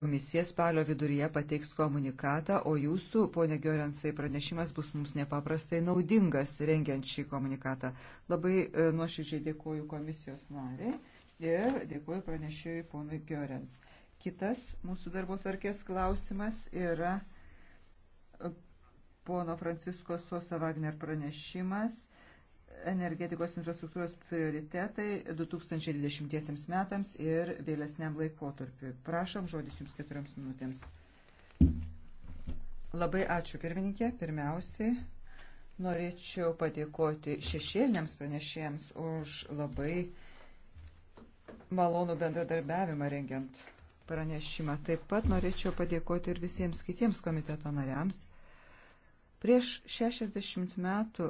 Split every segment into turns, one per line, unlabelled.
Komisija spalio viduryje pateiks komunikatą, o jūsų, ponė Giorensai, pranešimas bus mums nepaprastai naudingas rengiant šį komunikatą. Labai e, nuoširdžiai dėkuoju komisijos nariai ir dėkuoju pranešėjui ponui Giorens. Kitas mūsų darbo tvarkės klausimas yra e, pono Francisko Sosa Wagner pranešimas energetikos infrastruktūros prioritetai 2020 metams ir vėlesniam laikotarpiu. Prašom žodis jums keturioms minutėms. Labai ačiū pirmininkė. Pirmiausiai norėčiau padėkoti šešėliniams pranešėjams už labai malonų bendradarbiavimą rengiant pranešimą. Taip pat norėčiau padėkoti ir visiems kitiems komiteto nariams. Prieš 60 metų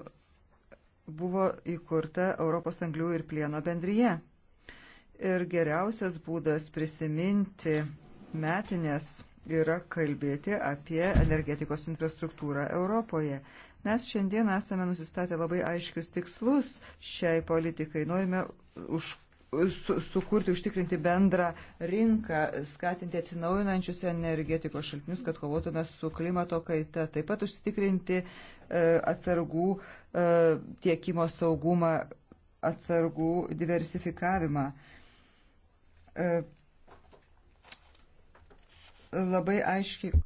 buvo įkurta Europos anglių ir plieno bendryje. Ir geriausias būdas prisiminti metinės yra kalbėti apie energetikos infrastruktūrą Europoje. Mes šiandien esame nusistatę labai aiškius tikslus šiai politikai. Norime už, su, sukurti, užtikrinti bendrą rinką, skatinti atsinaujinančius energetikos šaltinius, kad kovotume su klimato kaita, taip pat užtikrinti E, atsargų e, tiekimo saugumą, atsargų diversifikavimą. E, labai aiškiai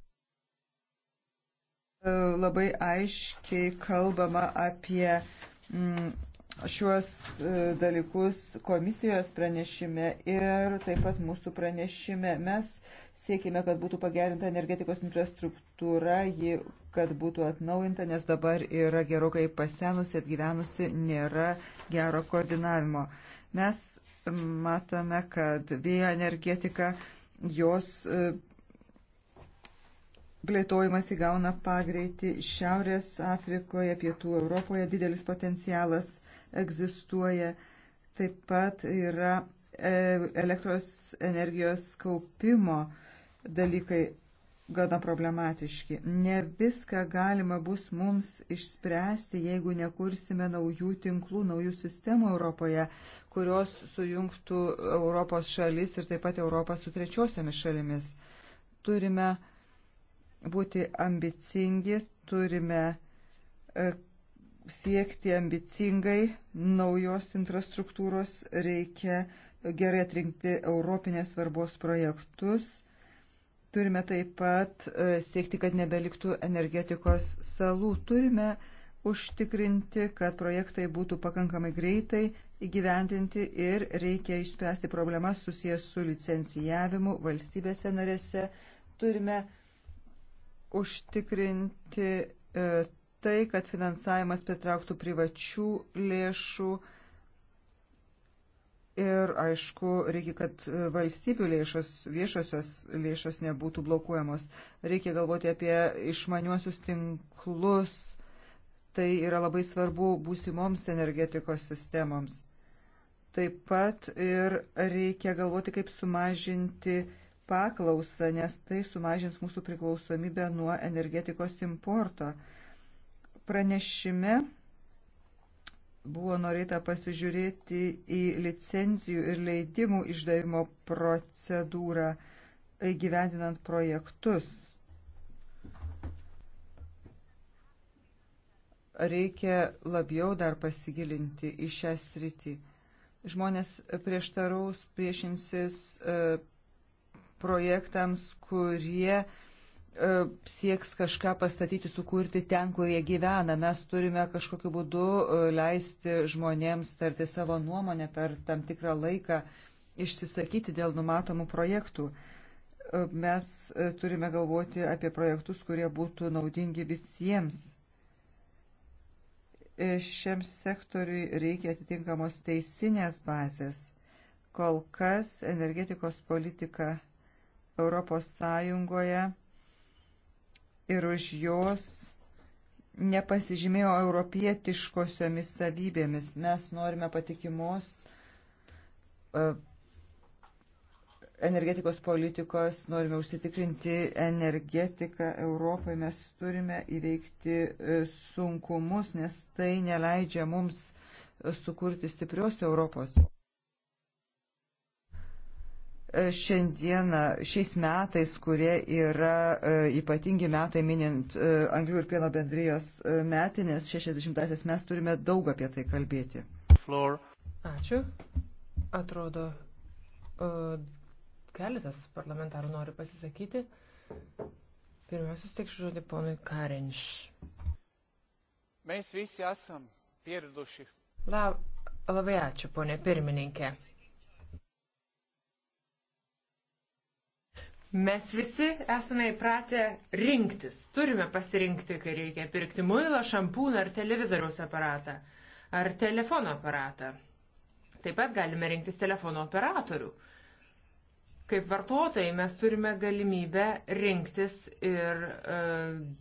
labai aiškiai kalbama apie mm, šiuos dalykus komisijos pranešime ir taip pat mūsų pranešime. Mes siekime, kad būtų pagerinta energetikos infrastruktūra, ji kad būtų atnaujinta, nes dabar yra gerokai pasenusi, atgyvenusi, nėra gero koordinavimo. Mes matome, kad vėjo energetika, jos e, plėtojimas įgauna pagreitį Šiaurės Afrikoje, Pietų Europoje, didelis potencialas egzistuoja. Taip pat yra e, elektros energijos kaupimo dalykai gana problematiški. Ne viską galima bus mums išspręsti, jeigu nekursime naujų tinklų, naujų sistemų Europoje, kurios sujungtų Europos šalis ir taip pat Europą su trečiosiomis šalimis. Turime būti ambicingi, turime e, siekti ambicingai naujos infrastruktūros, reikia gerai atrinkti europinės svarbos projektus, Turime taip pat e, siekti, kad nebeliktų energetikos salų. Turime užtikrinti, kad projektai būtų pakankamai greitai įgyvendinti ir reikia išspręsti problemas susijęs su licencijavimu valstybėse narėse. Turime užtikrinti e, tai, kad finansavimas pritrauktų privačių lėšų Ir aišku, reikia, kad e, valstybių lėšos, viešosios lėšos nebūtų blokuojamos. Reikia galvoti apie išmaniuosius tinklus. Tai yra labai svarbu būsimoms energetikos sistemoms. Taip pat ir reikia galvoti, kaip sumažinti paklausą, nes tai sumažins mūsų priklausomybę nuo energetikos importo. Pranešime buvo norėta pasižiūrėti į licencijų ir leidimų išdavimo procedūrą įgyvendinant projektus. Reikia labiau dar pasigilinti į šią sritį. Žmonės prieštaraus priešinsis e, projektams, kurie uh, E, sieks kažką pastatyti, sukurti ten, kur jie gyvena. Mes turime kažkokiu būdu e, leisti žmonėms tarti savo nuomonę per tam tikrą laiką, išsisakyti dėl numatomų projektų. E, mes turime galvoti apie projektus, kurie būtų naudingi visiems. Šiam sektoriui reikia atitinkamos teisinės bazės. Kol kas energetikos politika Europos Sąjungoje ir už jos nepasižymėjo europietiškosiomis savybėmis. Mes norime patikimos e, energetikos politikos, norime užsitikrinti energetiką Europoje, mes turime įveikti e, sunkumus, nes tai neleidžia mums sukurti stiprios Europos šiandieną, šiais metais, kurie yra e, ypatingi metai minint e, Anglių ir Pieno bendrijos e, metinės 60-asias, mes turime daug apie tai kalbėti.
Floor. Ačiū.
Atrodo, keletas parlamentarų nori pasisakyti. Pirmiausia, sutikšiu žodį ponui Karenš.
Mes visi esam pirduši.
La, labai ačiū, ponė pirmininkė. Mes visi esame įpratę rinktis. Turime pasirinkti, kai reikia pirkti muilą, šampūną ar televizoriaus aparatą, ar telefono aparatą. Taip pat galime rinktis telefono operatorių. Kaip vartotojai mes turime galimybę rinktis ir e,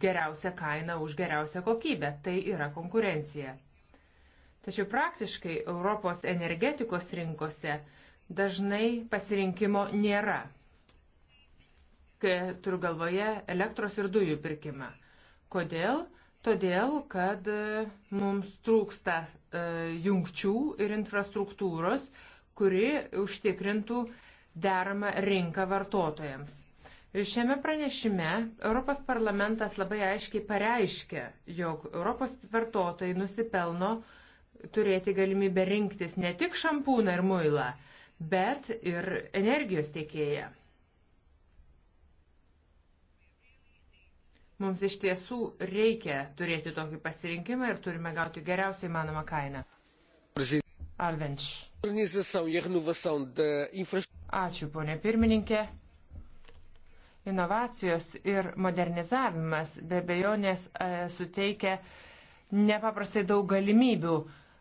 geriausią kainą už geriausią kokybę. Tai yra konkurencija. Tačiau praktiškai Europos energetikos rinkose dažnai pasirinkimo nėra kai e, turiu galvoje elektros ir dujų pirkimą. Kodėl? Todėl, kad e, mums trūksta e, jungčių ir infrastruktūros, kuri užtikrintų deramą rinką vartotojams. Šiame pranešime Europos parlamentas labai aiškiai pareiškė, jog Europos vartotojai nusipelno turėti galimybę rinktis ne tik šampūną ir muilą, bet ir energijos tiekėją. Mums iš tiesų reikia turėti tokį pasirinkimą ir turime gauti geriausiai manomą kainą. Alvenč. Ačiū, ponė pirmininkė. Inovacijos ir modernizavimas be bejonės e, suteikia nepaprastai daug galimybių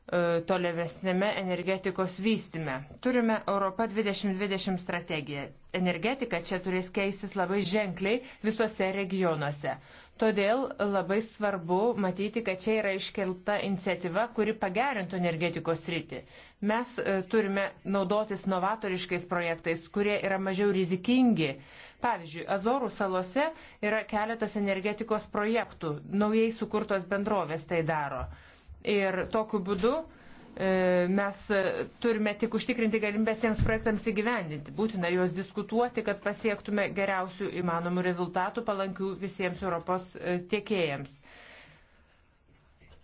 E, tolevesnėme energetikos vystime. Turime Europą 2020 strategiją. Energetika čia turės keistis labai ženkliai visuose regionuose. Todėl labai svarbu matyti, kad čia yra iškelta iniciatyva, kuri pagerintų energetikos rytį. Mes e, turime naudotis novatoriškais projektais, kurie yra mažiau rizikingi. Pavyzdžiui, Azorų salose yra keletas energetikos projektų, naujai sukurtos bendrovės tai daro. Ir tokiu būdu e, mes turime tik užtikrinti galimybės jiems projektams įgyvendinti. Būtina juos diskutuoti, kad pasiektume geriausių įmanomų rezultatų palankių visiems Europos e, tiekėjams.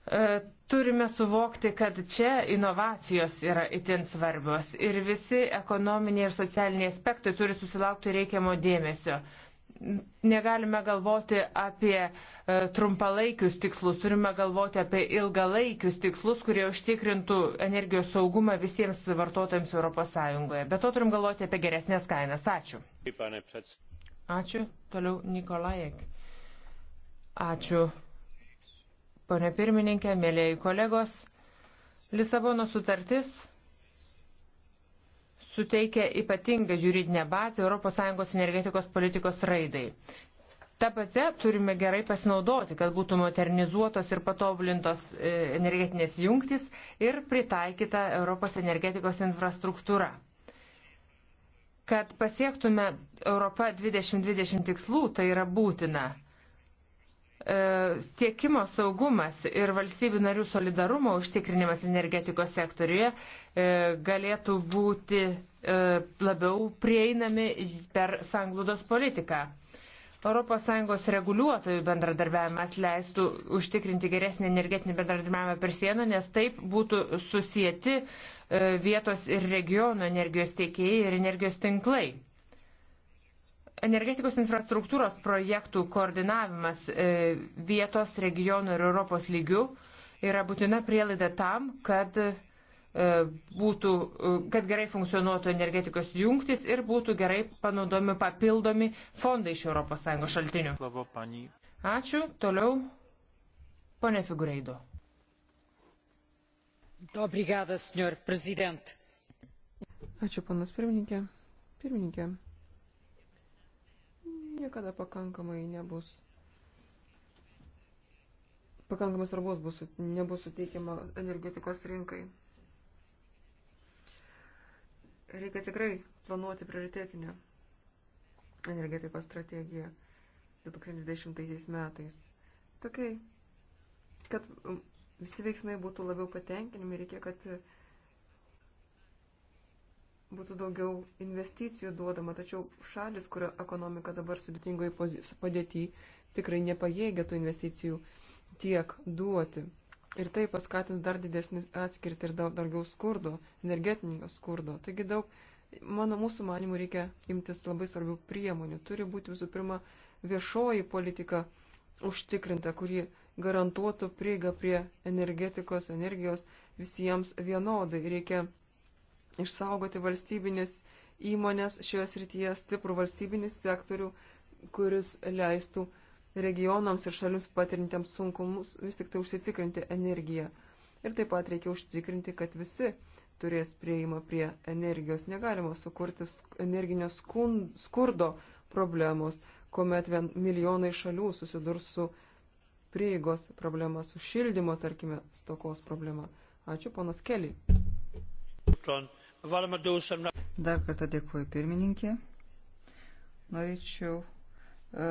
E, turime suvokti, kad čia inovacijos yra itin svarbios ir visi ekonominiai ir socialiniai aspektai turi susilaukti reikiamo dėmesio negalime galvoti apie e, trumpalaikius tikslus, turime galvoti apie ilgalaikius tikslus, kurie užtikrintų energijos saugumą visiems vartotojams ES. Be to turim galvoti apie geresnės kainas. Ačiū. Ačiū. Toliau Nikolajek. Ačiū. Pone pirmininkė, mėlyi kolegos. Lisabono sutartis suteikia ypatingą juridinę bazę ES energetikos politikos raidai. Ta baze turime gerai pasinaudoti, kad būtų modernizuotos ir patobulintos e, energetinės jungtis ir pritaikyta Europos energetikos infrastruktūra. Kad pasiektume Europą 2020 tikslų, tai yra būtina E, tiekimo saugumas ir valstybių narių solidarumo užtikrinimas energetikos sektoriuje e, galėtų būti e, labiau prieinami per sanglūdos politiką. ES reguliuotojų bendradarbiavimas leistų užtikrinti geresnį energetinį bendradarbiavimą per sieną, nes taip būtų susijęti vietos ir regiono energijos tiekėjai ir energijos tinklai energetikos infrastruktūros projektų koordinavimas e, vietos, regionų ir Europos lygių yra būtina prielaida tam, kad, e, būtų, e, kad gerai funkcionuotų energetikos jungtis ir būtų gerai panaudomi papildomi fondai iš ES šaltinių. Ačiū. Toliau ponė Figureido.
Ačiū, panas pirmininkė. Pirmininkė niekada pakankamai nebus. Pakankamas svarbos bus, nebus suteikiama energetikos rinkai. Reikia tikrai planuoti prioritetinę energetikos strategiją 2020 metais. Tokiai, kad visi veiksmai būtų labiau patenkinami, reikia, kad būtų daugiau investicijų duodama, tačiau šalis, kurio ekonomika dabar sudėtingoje padėtyje, tikrai nepajėgia tų investicijų tiek duoti. Ir tai paskatins dar didesnį atskirtį ir daug daugiau skurdo, energetinio skurdo. Taigi daug, mano mūsų manimų, reikia imtis labai svarbių priemonių. Turi būti visų pirma viešoji politika užtikrinta, kuri garantuotų prieigą prie energetikos, energijos visiems vienodai. Reikia išsaugoti valstybinis įmonės šioje srityje, stiprų valstybinį sektorių, kuris leistų regionams ir šalims patirintiems sunkumus vis tik tai užsitikrinti energiją. Ir taip pat reikia užtikrinti, kad visi turės prieimą prie energijos. Negalima sukurti energinio skurdo problemos, kuomet vien milijonai šalių susidurs su prieigos problema, su šildymo, tarkime, stokos problema. Ačiū, ponas Keli. John.
Dar kartą dėkuoju pirmininkė. Norėčiau e,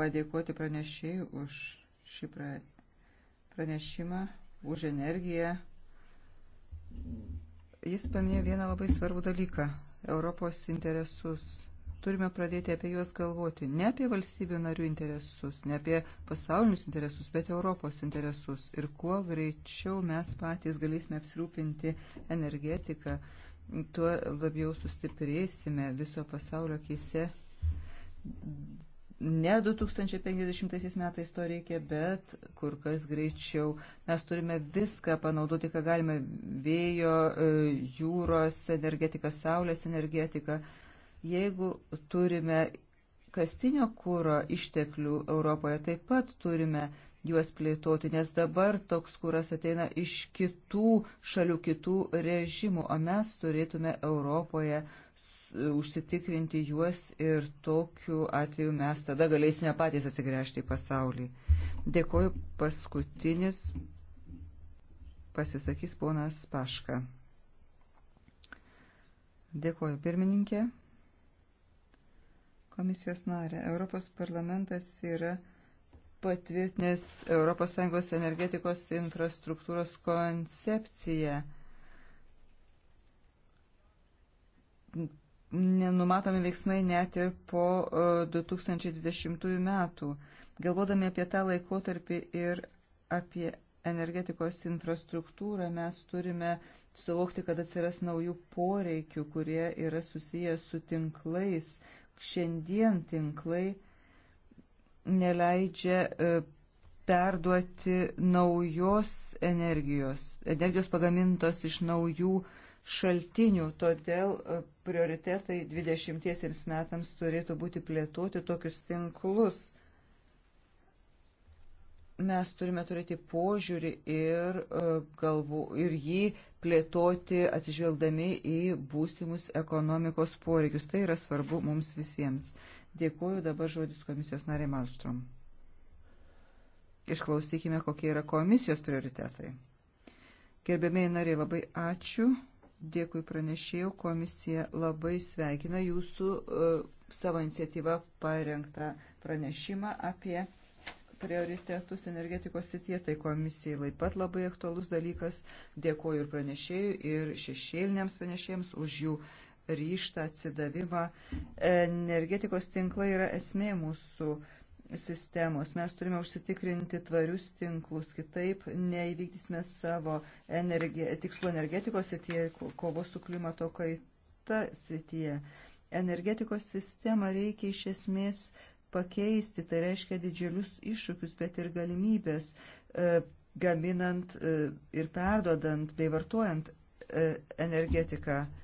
padėkoti pranešėjui už šį pranešimą, už energiją. Jis paminėjo vieną labai svarbų dalyką - Europos interesus. Turime pradėti apie juos galvoti. Ne apie valstybių narių interesus, ne apie pasaulinius interesus, bet Europos interesus. Ir kuo greičiau mes patys galėsime apsirūpinti energetiką, uh, tuo labiau sustiprėsime viso pasaulio keise. Ne 2050 metais to reikia, bet kur kas greičiau. Mes turime viską panaudoti, ką galime - vėjo, e, jūros energetika, saulės energetika. Jeigu turime kastinio kūro išteklių Europoje, taip pat turime juos plėtoti, nes dabar toks kuras ateina iš kitų šalių, kitų režimų, o mes turėtume Europoje užsitikrinti juos ir tokiu atveju mes tada galėsime patys atsigręžti į pasaulį. Dėkoju, paskutinis pasisakys ponas Paška. Dėkoju, pirmininkė. Komisijos narė, Europos parlamentas yra patvirtinęs ES energetikos infrastruktūros koncepciją. Nenumatomi veiksmai net ir po 2020 e, metų. Galvodami apie tą laikotarpį ir apie energetikos infrastruktūrą, mes turime suvokti, kad atsiras naujų poreikių, kurie yra susijęs su tinklais. Šiandien tinklai neleidžia e, perduoti naujos energijos, energijos pagamintos iš naujų šaltinių, todėl e, prioritetai 20 metams turėtų būti plėtoti tokius tinklus. Mes turime turėti požiūrį ir, e, galvo, ir jį plėtoti atsižvelgdami į būsimus ekonomikos poreikius. Tai yra svarbu mums visiems. Dėkuoju dabar žodis komisijos nariai Malstrom. Išklausykime, kokie yra komisijos prioritetai. Gerbėmiai nariai, labai ačiū. Dėkui pranešėjau. Komisija labai sveikina jūsų uh, savo iniciatyvą parengtą pranešimą apie prioritetus energetikos sityje. Tai komisijai taip pat labai aktualus dalykas. Dėkuoju ir pranešėjui, ir šešėliniams pranešėjams už jų uh, ryštą, atsidavimą. Energetikos tinklai yra esmė mūsų sistemos. Mes turime užsitikrinti tvarius tinklus, kitaip neįvykdysime savo energi tikslų energetikos srityje ir kovos su klimato kaita srityje. Energetikos sistemą reikia iš esmės pakeisti, tai reiškia didžiulius iššūkius, bet ir galimybės e, gaminant e, ir perdodant bei vartojant e, energetiką. E,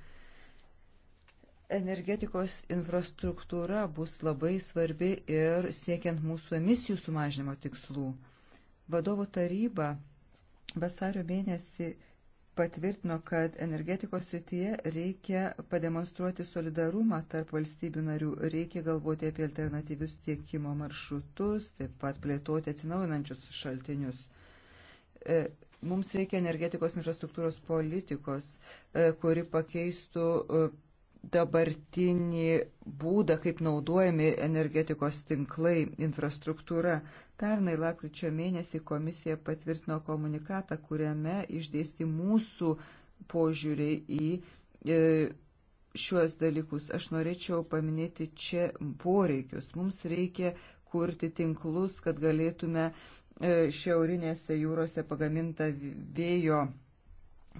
Energetikos infrastruktūra bus labai svarbi ir siekiant mūsų emisijų sumažinimo tikslų. Vadovų taryba vasario mėnesį patvirtino, kad energetikos srityje reikia pademonstruoti solidarumą tarp valstybių narių, reikia galvoti apie alternatyvius tiekimo maršrutus, taip pat plėtoti atsinaujinančius šaltinius. E, mums reikia energetikos infrastruktūros politikos, e, kuri pakeistų e, dabartinį būdą, kaip naudojami energetikos tinklai, infrastruktūra. Pernai lapkričio mėnesį komisija patvirtino komunikatą, kuriame išdėsti mūsų požiūrį į e, šiuos dalykus. Aš norėčiau paminėti čia poreikius. Mums reikia kurti tinklus, kad galėtume e, šiaurinėse jūrose pagamintą vėjo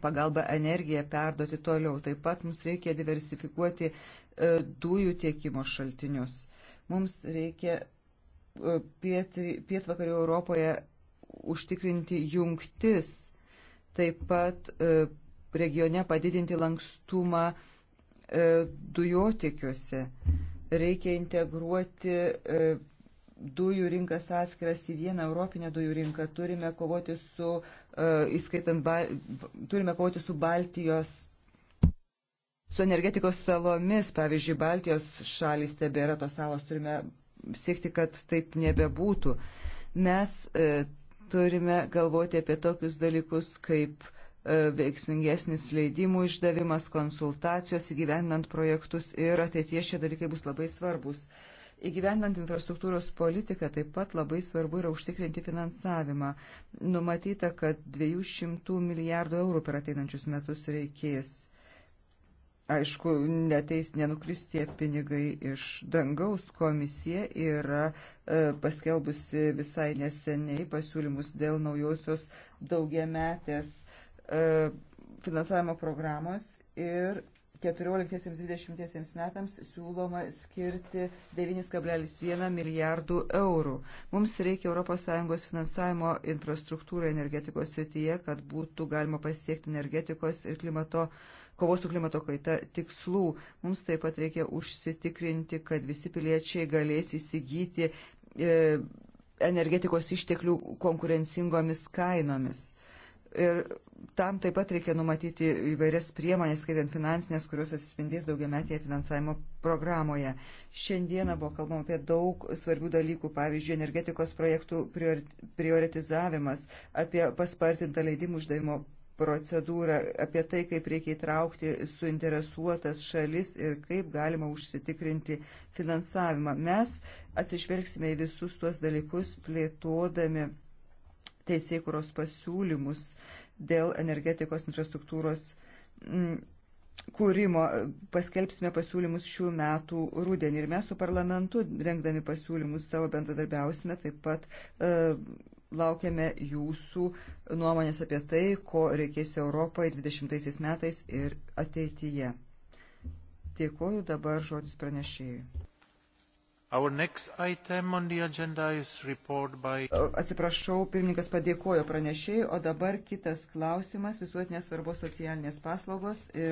pagalba energiją perduoti toliau. Taip pat mums reikia diversifikuoti e, dujų tiekimo šaltinius. Mums reikia e, pietvakarių Europoje užtikrinti jungtis, taip pat e, regione padidinti lankstumą dujotikiuose. Reikia integruoti dujų rinkas atskiras į vieną europinę dujų rinką, turime kovoti su, e, įskaitant, turime kovoti su Baltijos, su energetikos salomis, pavyzdžiui, Baltijos šalys tebėra tos salos, turime siekti, kad taip nebebūtų. Mes e, turime galvoti apie tokius dalykus kaip e, veiksmingesnis leidimų išdavimas, konsultacijos įgyvendinant projektus ir ateitie šie dalykai bus labai svarbus. Uh, Įgyvendant infrastruktūros politiką taip pat labai svarbu yra užtikrinti finansavimą. Numatyta, kad 200 milijardų eurų per ateinančius metus reikės. Aišku, neteis, nenukris tie pinigai iš dangaus. Komisija yra e, paskelbusi visai neseniai pasiūlymus dėl naujosios daugiametės e, finansavimo programos ir 14-20 metams siūloma skirti 9,1 milijardų eurų. Mums reikia ES finansavimo infrastruktūrą energetikos srityje, kad būtų galima pasiekti energetikos ir klimato, kovos su klimato kaita tikslų. Mums taip pat reikia užsitikrinti, kad visi piliečiai galės įsigyti e, energetikos išteklių konkurencingomis kainomis Ir tam taip pat reikia numatyti įvairias priemonės, skaitant finansinės, kurios atsispindės daugiametėje finansavimo programoje. Šiandieną buvo kalbama apie daug svarbių dalykų, pavyzdžiui, energetikos projektų prioritizavimas, apie paspartintą leidimų uždavimo procedūrą, apie tai, kaip reikia įtraukti suinteresuotas šalis ir kaip galima užsitikrinti finansavimą. Mes atsižvelgsime į visus tuos dalykus plėtodami teisėkuros pasiūlymus dėl energetikos infrastruktūros mm, kūrimo. Paskelbsime pasiūlymus šių metų rūdienį ir mes su parlamentu, rengdami pasiūlymus savo bendradarbiausime, taip pat e, laukiame jūsų nuomonės apie tai, ko reikės Europai 20 metais ir ateityje. Dėkuoju dabar žodis pranešėjui. By... Atsiprašau, pirmininkas padėkojo pranešėjai, o dabar kitas klausimas - visuotinės svarbos socialinės paslaugos. Ir...